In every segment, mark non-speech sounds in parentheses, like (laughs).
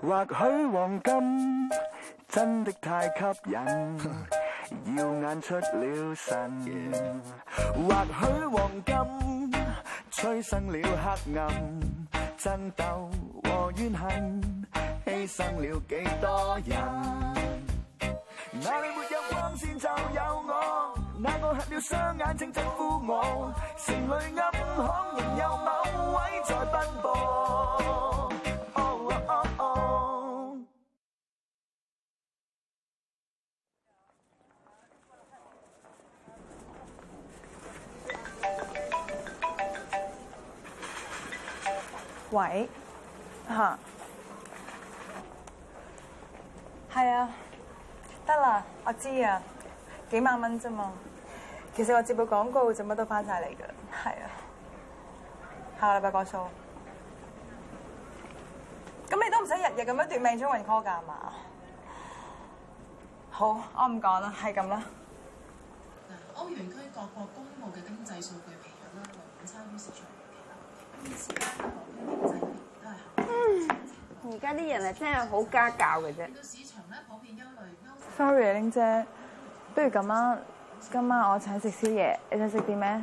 或許黃金真的太吸引，耀眼出了神。或許黃金催生了黑暗，爭鬥和怨恨，犧牲了幾多人。 (noise) 那裏沒有光線就有我，那個黑了雙眼請祝福我，城裏暗巷仍有某位在奔波。喂，嚇，係啊，得啦、啊，我知啊，幾萬蚊啫嘛，其實我接部廣告就乜都返晒嚟噶，係啊，下個禮拜過數，咁你都唔使日日咁樣奪命追魂 call 噶係嘛？好，我唔講啦，係咁啦。歐元區各國公佈嘅經濟數據疲軟啦，匯率差於市場。而家啲人啊真係好家教嘅啫。Sorry，啊，玲姐，不如咁啊，今晚我請食宵夜，你想食啲咩？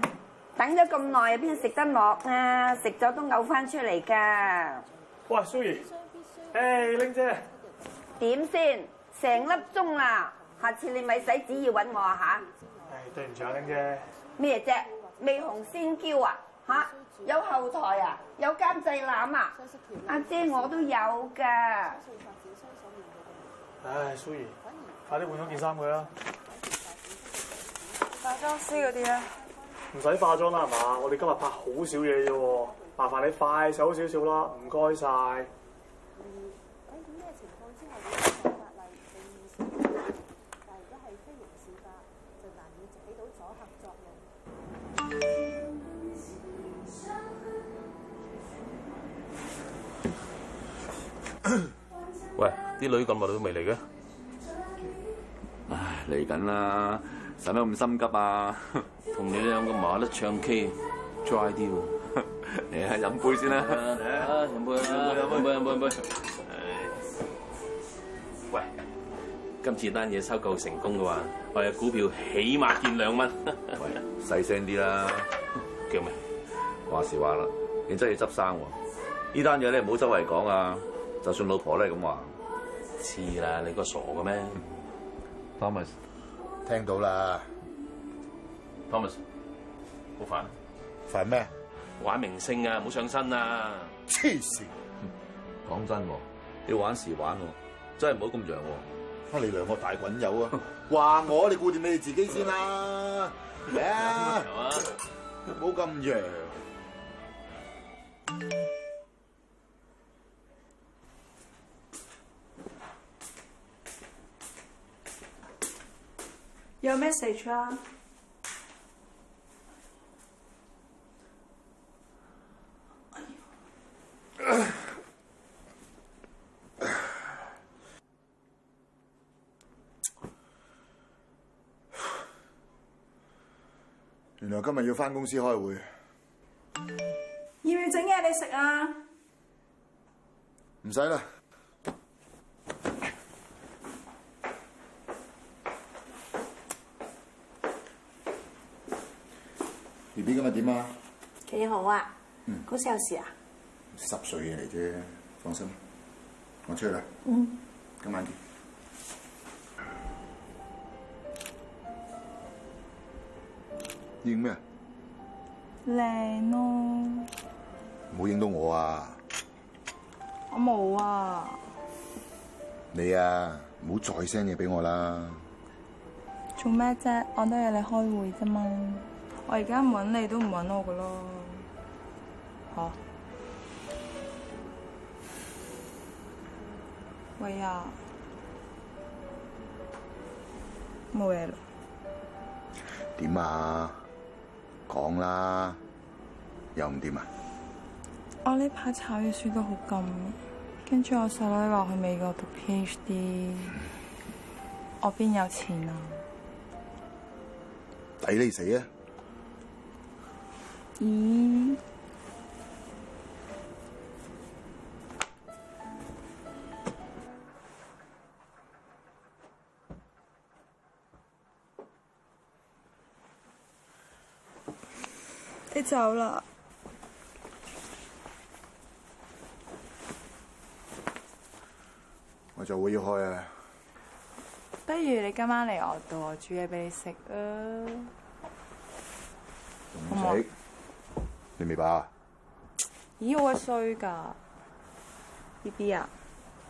等咗咁耐，邊食得落、hey, 啊？食咗都嘔翻出嚟噶。哇，蘇怡，誒，玲姐，點先？成粒鐘啦，下次你咪使旨意搵我啊。吓。唉，對唔住啊，玲姐。咩啫？未紅先嬌啊？吓？有後台啊，有監製攬啊，阿、啊、姐，姐我都有噶。唉，舒怡，快啲換咗件衫佢啦。化妝師嗰啲啊？唔使化妝啦係嘛？我哋今日拍好少嘢啫喎，麻煩你快手少少啦，唔該曬。嗯啲女咁耐都未嚟嘅，唉，嚟緊啦！使乜咁心急啊？同你兩個麻甩唱 K，再啲喎，嚟啊！飲杯先啦，飲 (laughs) 杯，杯，飲杯，杯，杯，喂，今次單嘢收購成功嘅話，我哋股票起碼見兩蚊。 (laughs) 喂，細聲啲啦，叫咩？話時話啦，你真係要執生喎！呢單嘢咧唔好周圍講啊！就算老婆咧咁話。黐啦！你個傻嘅咩？Thomas 聽到啦，Thomas 好煩，煩咩？玩明星啊，唔好上身啊！黐線！講真喎，要玩時玩喎，啊，真係唔好咁樣喎。你兩個大滾友啊，話 (laughs) 我你顧掂你哋自己先啦，咩啊！唔好咁樣。 (laughs) 麼 (laughs) 有咩事出啊？原來今日要返公司開會。要唔要整嘢你食啊？唔使啦。今日點啊？幾好啊！嗯，嗰陣時啊，濕碎嘢嚟啫，放心，我出去啦。嗯，今晚見。影咩啊？靚咯！哦！唔好影到我啊！我冇啊！你啊，唔好再 send 嘢俾我啦！做咩啫？我都有嚟開會啫嘛。我而家唔揾你都唔揾我噶咯，吓喂啊，冇嘢咯。點啊？講啦，又唔掂啊？我呢排炒嘅書都好咁，跟住我細佬話去美國讀 PhD，我邊有錢啊？抵你死啊！你走啦，我就會要開啊！不如你今晚嚟我度，我煮嘢俾你食啊！好唔好？你明白咦，我衰噶，B B 啊，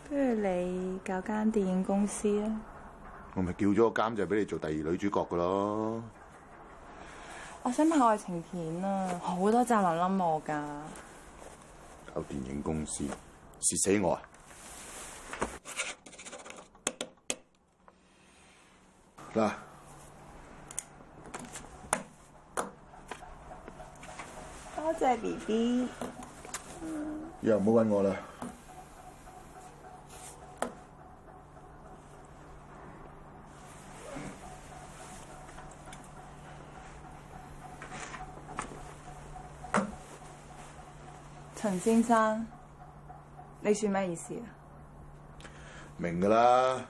不如你搞間電影公司啊！我咪叫咗個監製俾你做第二女主角噶咯。我想拍愛情片啊，好多宅男冧我噶。搞電影公司，蝕死我啊！嗱。多謝 BB，以後唔好搵我啦。陳先生，你算咩意思啊？明噶啦，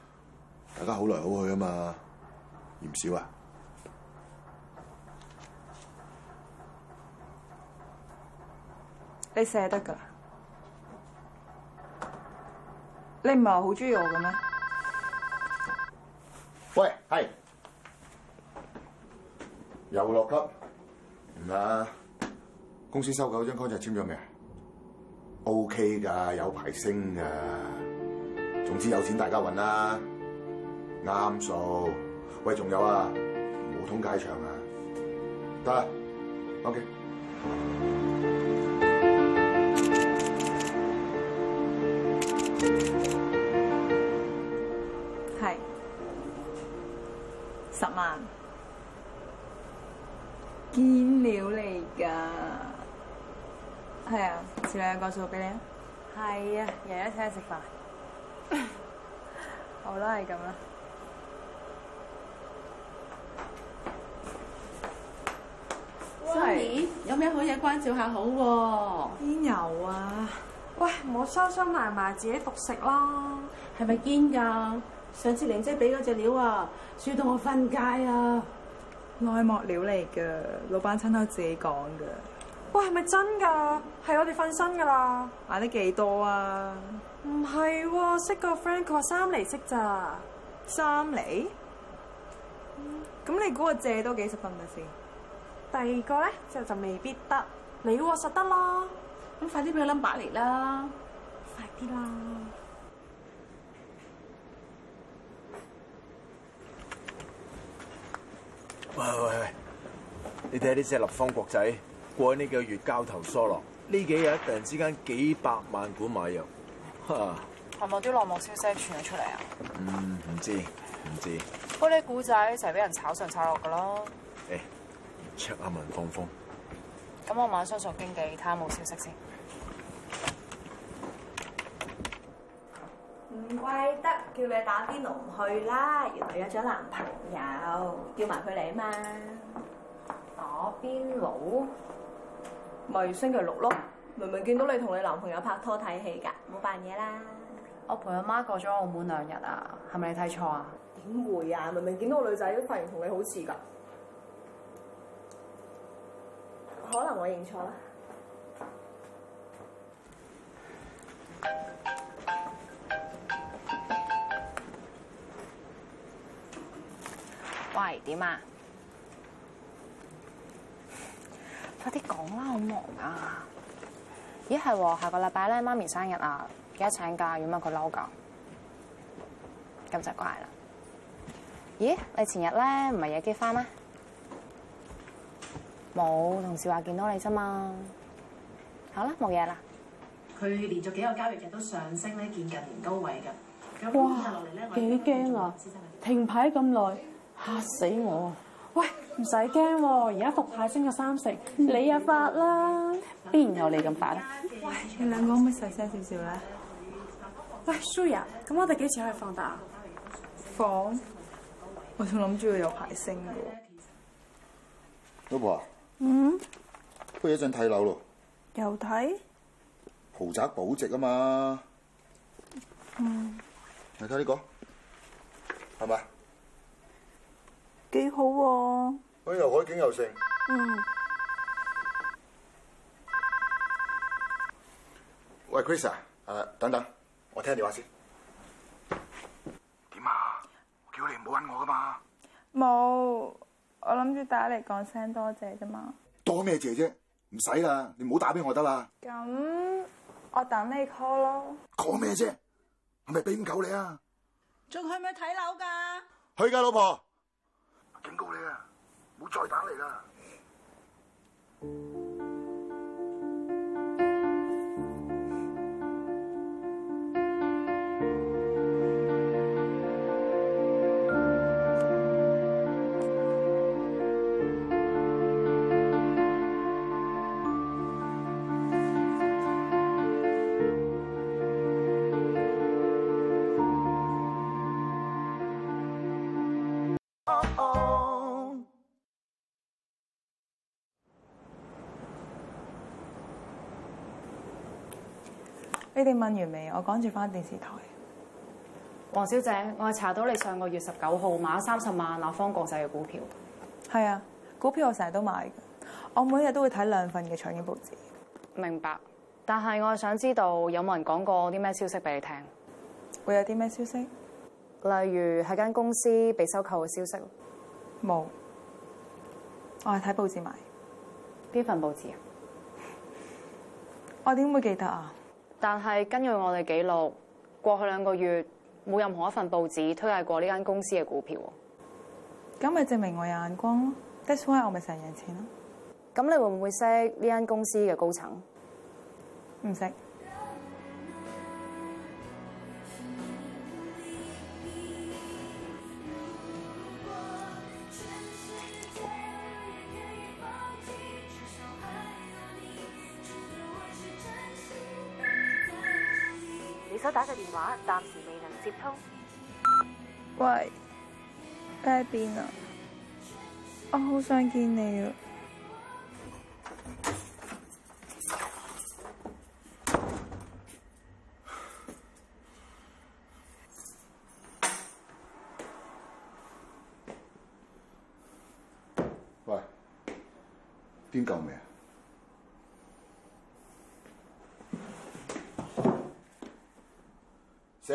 大家好來好去啊嘛，嫌少啊？你捨得噶？你唔係好中意我嘅咩？喂，係，又落級，唔、嗯、啦。公司收購張康就簽咗未啊？OK 噶，有排升噶。總之有錢大家搵啦，啱數。喂，仲有啊，唔好通街唱啊，得啦，OK。十萬堅料，嚟噶。係啊，前兩個數俾你啊，係啊，日日請食飯。好啦，係咁啦。喂，有咩好嘢關照下好喎？堅油啊！喂，唔好收收埋埋，自己獨食囉，係咪堅噶？上次玲姐俾嗰隻料啊，輸到我瞓街啊！內幕料嚟噶，老闆親口自己講噶。哇，係咪真噶？係我哋瞓身噶啦！買得幾多少啊？唔係、啊，識個 friend，佢話三厘息咋？三厘？咁、嗯、你估個借多幾十份咪先？第二個咧，就就未必得。你實得啦，咁快啲俾佢 number 嚟啦！快啲啦！喂喂喂，你睇下呢隻立方國仔過去呢幾個月交投疏落，呢幾日突然之間幾百萬股買入，嚇係咪啲內幕消息傳咗出嚟啊？嗯，唔知唔知道。嗰啲股仔成日俾人炒上炒落噶咯。誒，check 阿文放風。咁我問下叔叔經紀，睇下冇消息先。唔怪得。叫你打邊爐唔去啦！原來約咗男朋友，叫埋佢嚟吖嘛。打邊爐咪星期六咯。明明見到你同你男朋友拍拖睇戲㗎，冇扮嘢啦。我陪阿媽過咗澳門兩日啊，係咪你睇錯啊？點會啊！明明見到個女仔都髮型同你好似㗎，可能我認錯啦。點啊！快啲講啦，好忙啊！咦，係下個禮拜咧，媽咪生日啊，而家請假，要唔要佢嬲噶？咁就怪啦。咦，你前日咧唔係夜機翻咩？冇同事話見到你啫嘛。好啦，冇嘢啦。佢連續幾個交易日都上升咧，見近年高位嘅。哇！幾驚啊！停牌咁耐。嚇死我啊！喂，唔使驚喎，而家復牌升咗三成，你入發啦！邊有你咁發咧？喂，你兩位可唔可以細聲少少咧？喂，Shirley，咁我哋幾時可以放大啊？放，我仲諗住要有排升嘅喎。老婆，嗯？不如一陣睇樓咯。又睇？豪宅保值啊嘛。嗯。你睇呢個，係咪？幾好喎！又海景又剩。嗯。喂 Chris 啊，誒等等，我聽下電話先。點啊？叫你唔好揾我噶嘛。冇，我諗住打嚟講聲多謝啫嘛。多咩謝啫？唔使啦，你唔好打俾我得啦。咁我等你 call 咯。講咩啫？係咪俾五九你啊？仲去唔去睇樓㗎？去㗎，老婆。警告你啊，唔好再打嚟啦！你哋問完未？我趕住返電視台。黃小姐，我係查到你上個月十九號買咗三十萬立方國際嘅股票。係啊，股票我成日都買嘅，我每日都會睇兩份嘅《長影報紙》。明白，但係我係想知道有冇人講過啲咩消息俾你聽？會有啲咩消息？例如係間公司被收購嘅消息？冇，我係睇報紙買。邊份報紙啊？我點會記得啊？但係根據我哋記錄，過去兩個月冇任何一份報紙推介過呢間公司嘅股票。咁咪證明我有眼光咯？That's why 我咪成日贏錢咯。咁你會唔會識呢間公司嘅高層？唔識。暫時未能接通。喂，喺邊啊？我好想見你啊！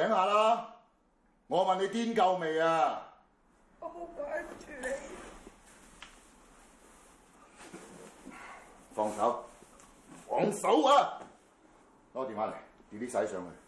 醒下啦！我問你癲夠未啊？我好掛住你，放手，放手啊！攞電話嚟，啲啲使上去。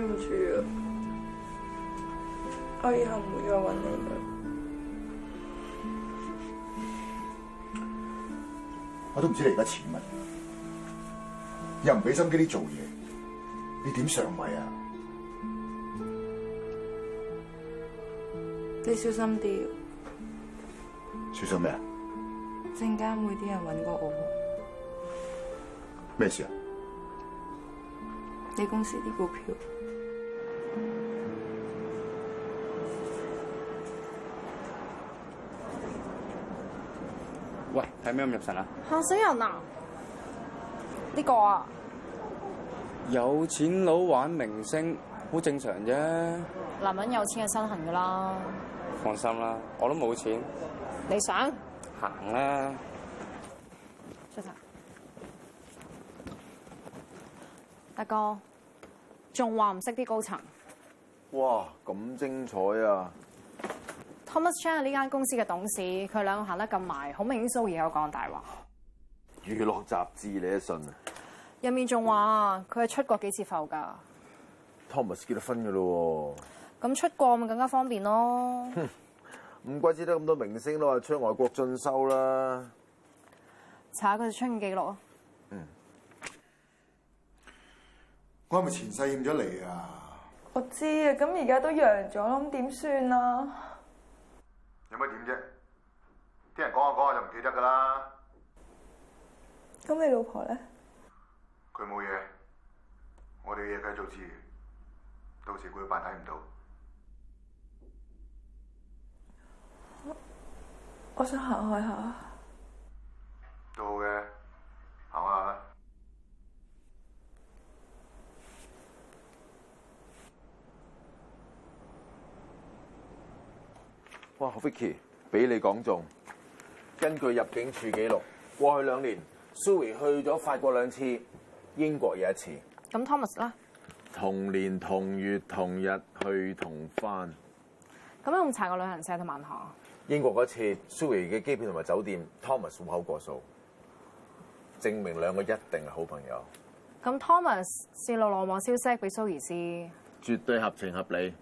對唔住，我以後唔會再搵你啦。我都唔知你而家錢乜，又唔俾心機啲做嘢，你點上位啊？你小心啲。小心咩？證監會啲人搵過我。咩事啊？你公司啲股票。有咩咁入神啊？嚇死人啊！呢個啊，有錢佬玩明星好正常啫。男人有錢係身痕噶啦。放心啦，我都冇錢。你想行啦！出嚟，大哥，仲話唔識啲高層？哇，咁精彩啊！Thomas Chan 係呢間公司嘅董事，佢兩個行得咁埋，好明顯，蘇怡有講大話。娛樂雜誌你都信啊？入面仲話佢係出過幾次埠噶？Thomas 結咗婚噶啦，咁出埠咪更加方便咯。唔 (laughs) 怪之得咁多明星都話出外國進修啦。查下佢哋出境記錄啊。嗯。我係咪前世欠咗你啊？我知啊，咁而家都讓咗，咁點算啊？有乜點啫？啲人講下講下就唔記得噶啦。咁你老婆咧？佢冇嘢，我哋嘅嘢繼續做住，到時佢扮睇唔到。我，我想行開一下。都好嘅，行下哇，Vicky 俾你講中。根據入境處記錄，過去兩年，Suri 去咗法國兩次，英國有一次。咁 Thomas 咧？同年同月同日去同返。咁，我查個旅行社同銀行。英國嗰次，Suri 嘅機票同埋酒店，Thomas 戶口過數，證明兩個一定係好朋友。咁 Thomas 泄露內幕消息俾 Suri 知，絕對合情合理。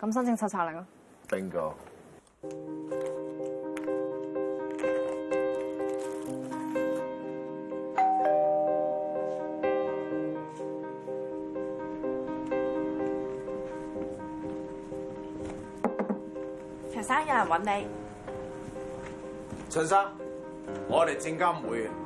咁申請拆拆令咯。Bingo。陳生，有人揾你。陳生，我哋證監會嘅。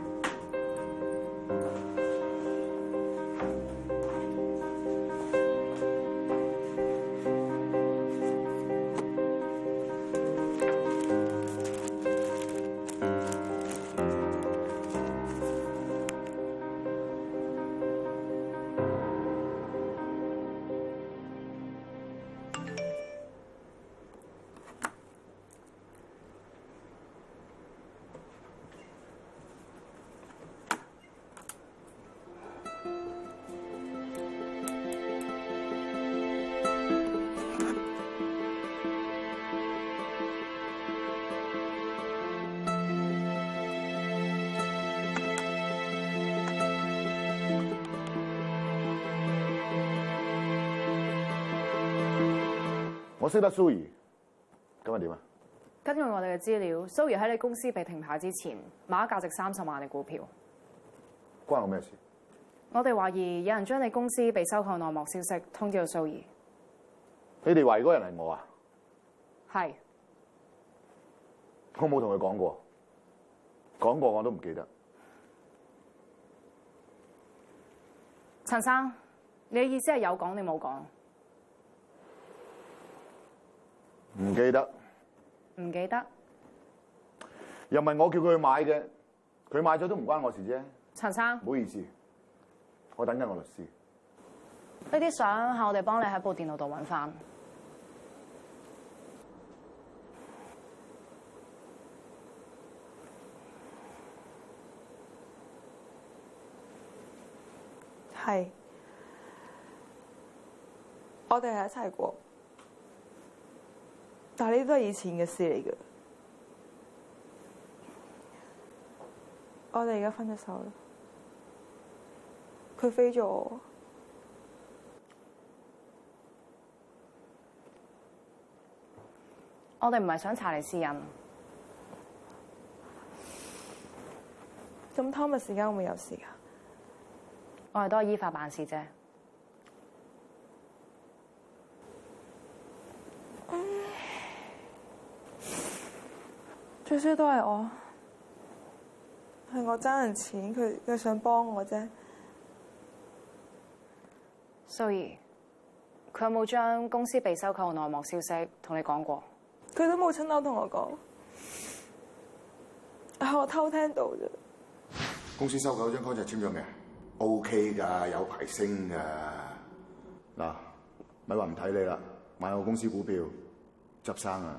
我識得 Zoe，噉係點啊？根據我哋嘅資料，Zoe 喺你公司被停牌之前買咗價值三十萬嘅股票，關我咩事？我哋懷疑有人將你公司被收購內幕消息通知到 Zoe，你哋懷疑嗰人係我啊？係，我冇同佢講過，講過我都唔記得。陳生，你嘅意思係有講你冇講？唔記得，唔記得，又唔係我叫佢去買嘅，佢買咗都唔關我事啫。陳生，唔好意思，我等緊個律師。呢啲相，下，我哋幫你喺部電腦度揾翻。係，我哋係一齊過。但係呢都係以前嘅事嚟嘅，我哋而家分咗手了，佢飛咗。我哋唔係想查你私隱，咁 Thomas 時間會唔會有事啊？我哋都係依法辦事啫。最少都係我，係我爭人錢，佢佢想幫我啫。Zoe，佢有冇將公司被收購內幕消息同你講過？佢都冇親口同我講，是我偷聽到啫。公司收購張 contract 簽咗未啊？OK 噶，有排升噶。嗱，咪話唔睇你啦，買我公司股票執生啊！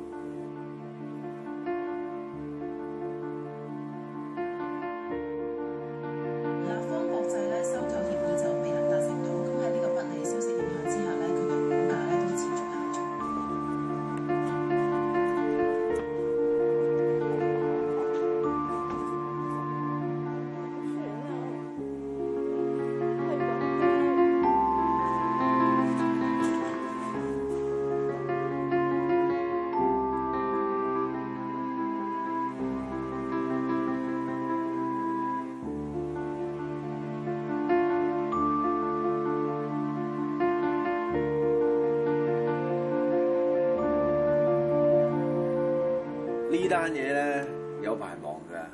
單嘢咧，有排忙噶，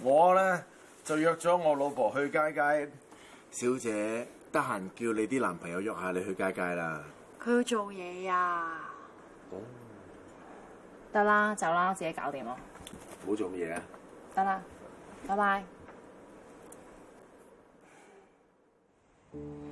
我咧就約咗我老婆去街街，小姐得閒，叫你啲男朋友約下你去街街啦。佢要做嘢啊！哦、嗯，得啦，走啦，自己搞掂咯。唔好做乜嘢啊！得啦，拜拜。嗯